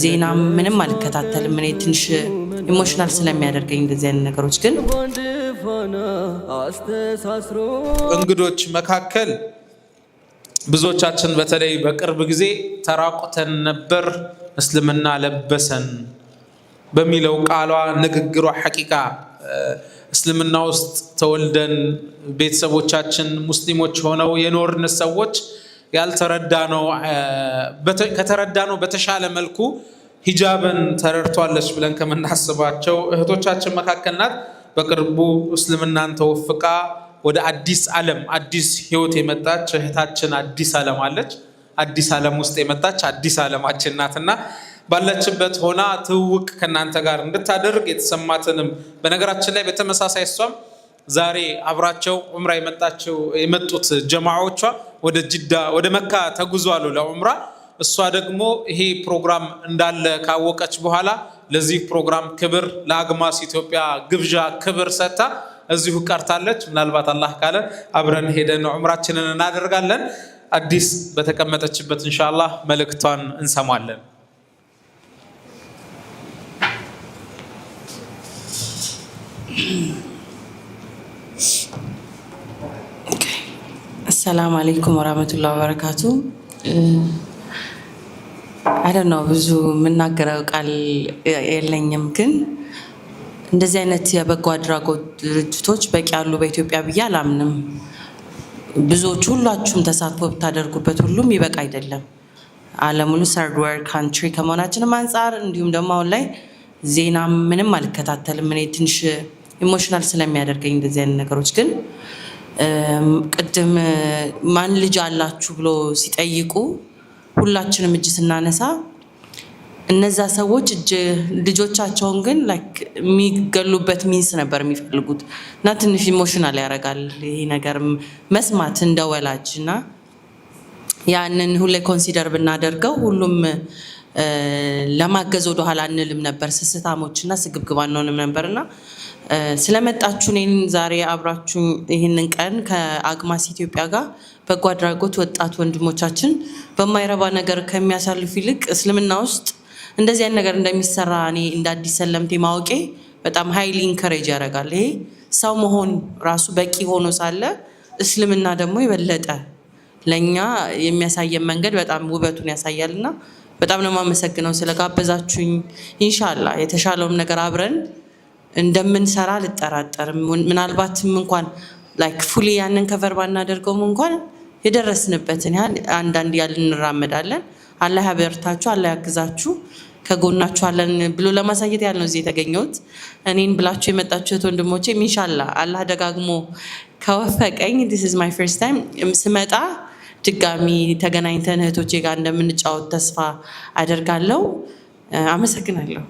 ዜና ምንም አልከታተልም። እኔ ትንሽ ኢሞሽናል ስለሚያደርገኝ እንደዚህ አይነት ነገሮች ግን እንግዶች መካከል ብዙዎቻችን በተለይ በቅርብ ጊዜ ተራቁተን ነበር እስልምና ለበሰን በሚለው ቃሏ ንግግሯ ሐቂቃ እስልምና ውስጥ ተወልደን ቤተሰቦቻችን ሙስሊሞች ሆነው የኖርን ሰዎች ያልተረዳነው ከተረዳነው በተሻለ መልኩ ሂጃብን ተረድቷለች ብለን ከምናስባቸው እህቶቻችን መካከል ናት። በቅርቡ እስልምናን ተወፍቃ ወደ አዲስ ዓለም አዲስ ህይወት የመጣች እህታችን አዲስ ዓለም አለች። አዲስ ዓለም ውስጥ የመጣች አዲስ ዓለማችን ናትና ባለችበት ሆና ትውውቅ ከእናንተ ጋር እንድታደርግ የተሰማትንም በነገራችን ላይ በተመሳሳይ እሷም ዛሬ አብራቸው ዑምራ የመጣቸው የመጡት ጀማዓዎቿ ወደ ጅዳ ወደ መካ ተጉዟሉ ለዑምራ። እሷ ደግሞ ይሄ ፕሮግራም እንዳለ ካወቀች በኋላ ለዚህ ፕሮግራም ክብር ለአግማስ ኢትዮጵያ ግብዣ ክብር ሰጥታ እዚሁ ቀርታለች። ምናልባት አላህ ካለ አብረን ሄደን ዑምራችንን እናደርጋለን። አዲስ በተቀመጠችበት እንሻላ መልእክቷን እንሰማለን። ሰላም አሌይኩም ወራህመቱላ ወበረካቱ። አደ ነው ብዙ የምናገረው ቃል የለኝም፣ ግን እንደዚህ አይነት የበጎ አድራጎት ድርጅቶች በቂ ያሉ በኢትዮጵያ ብዬ አላምንም። ብዙዎቹ ሁላችሁም ተሳትፎ ብታደርጉበት ሁሉም ይበቃ አይደለም። ዓለም ሁሉ ሰርድ ወርልድ ካንትሪ ከመሆናችንም አንጻር እንዲሁም ደግሞ አሁን ላይ ዜና ምንም አልከታተልም እኔ ትንሽ ኢሞሽናል ስለሚያደርገኝ እንደዚህ አይነት ነገሮች ግን ቅድም ማን ልጅ አላችሁ ብሎ ሲጠይቁ ሁላችንም እጅ ስናነሳ እነዛ ሰዎች እጅ ልጆቻቸውን ግን የሚገሉበት ሚንስ ነበር የሚፈልጉት እና ትንሽ ኢሞሽናል ያደርጋል ይሄ ነገር መስማት እንደ ወላጅ እና ያንን ሁሌ ኮንሲደር ብናደርገው ሁሉም ለማገዝ ወደ ኋላ አንልም ነበር። ስስታሞችና ስግብግብ አንሆንም ነበር እና ስለመጣችሁ እኔን ዛሬ አብራችሁ ይህንን ቀን ከአግማስ ኢትዮጵያ ጋር በጎ አድራጎት ወጣት ወንድሞቻችን በማይረባ ነገር ከሚያሳልፉ ይልቅ እስልምና ውስጥ እንደዚህ አይነት ነገር እንደሚሰራ እኔ እንደ አዲስ ሰለምቴ ማወቄ በጣም ሀይሊ ኢንከሬጅ ያደርጋል። ይሄ ሰው መሆን ራሱ በቂ ሆኖ ሳለ እስልምና ደግሞ የበለጠ ለእኛ የሚያሳየን መንገድ በጣም ውበቱን ያሳያል ና። በጣም ነው የማመሰግነው ስለጋበዛችሁኝ። ኢንሻላ የተሻለውም ነገር አብረን እንደምንሰራ አልጠራጠርም። ምናልባትም እንኳን ላይክ ፉሊ ያንን ከቨር ባናደርገውም እንኳን የደረስንበትን ያህል አንዳንድ ያህል እንራመዳለን። አላህ ያበርታችሁ፣ አላህ ያግዛችሁ፣ ከጎናችሁ አለን ብሎ ለማሳየት ያህል ነው እዚህ የተገኘሁት። እኔን ብላችሁ የመጣችሁት ወንድሞቼም ኢንሻላ አላህ ደጋግሞ ከወፈቀኝ ዲስ ኢዝ ማይ ፈርስት ታይም ስመጣ ድጋሚ ተገናኝተን እህቶቼ ጋር እንደምንጫወት ተስፋ አደርጋለሁ። አመሰግናለሁ።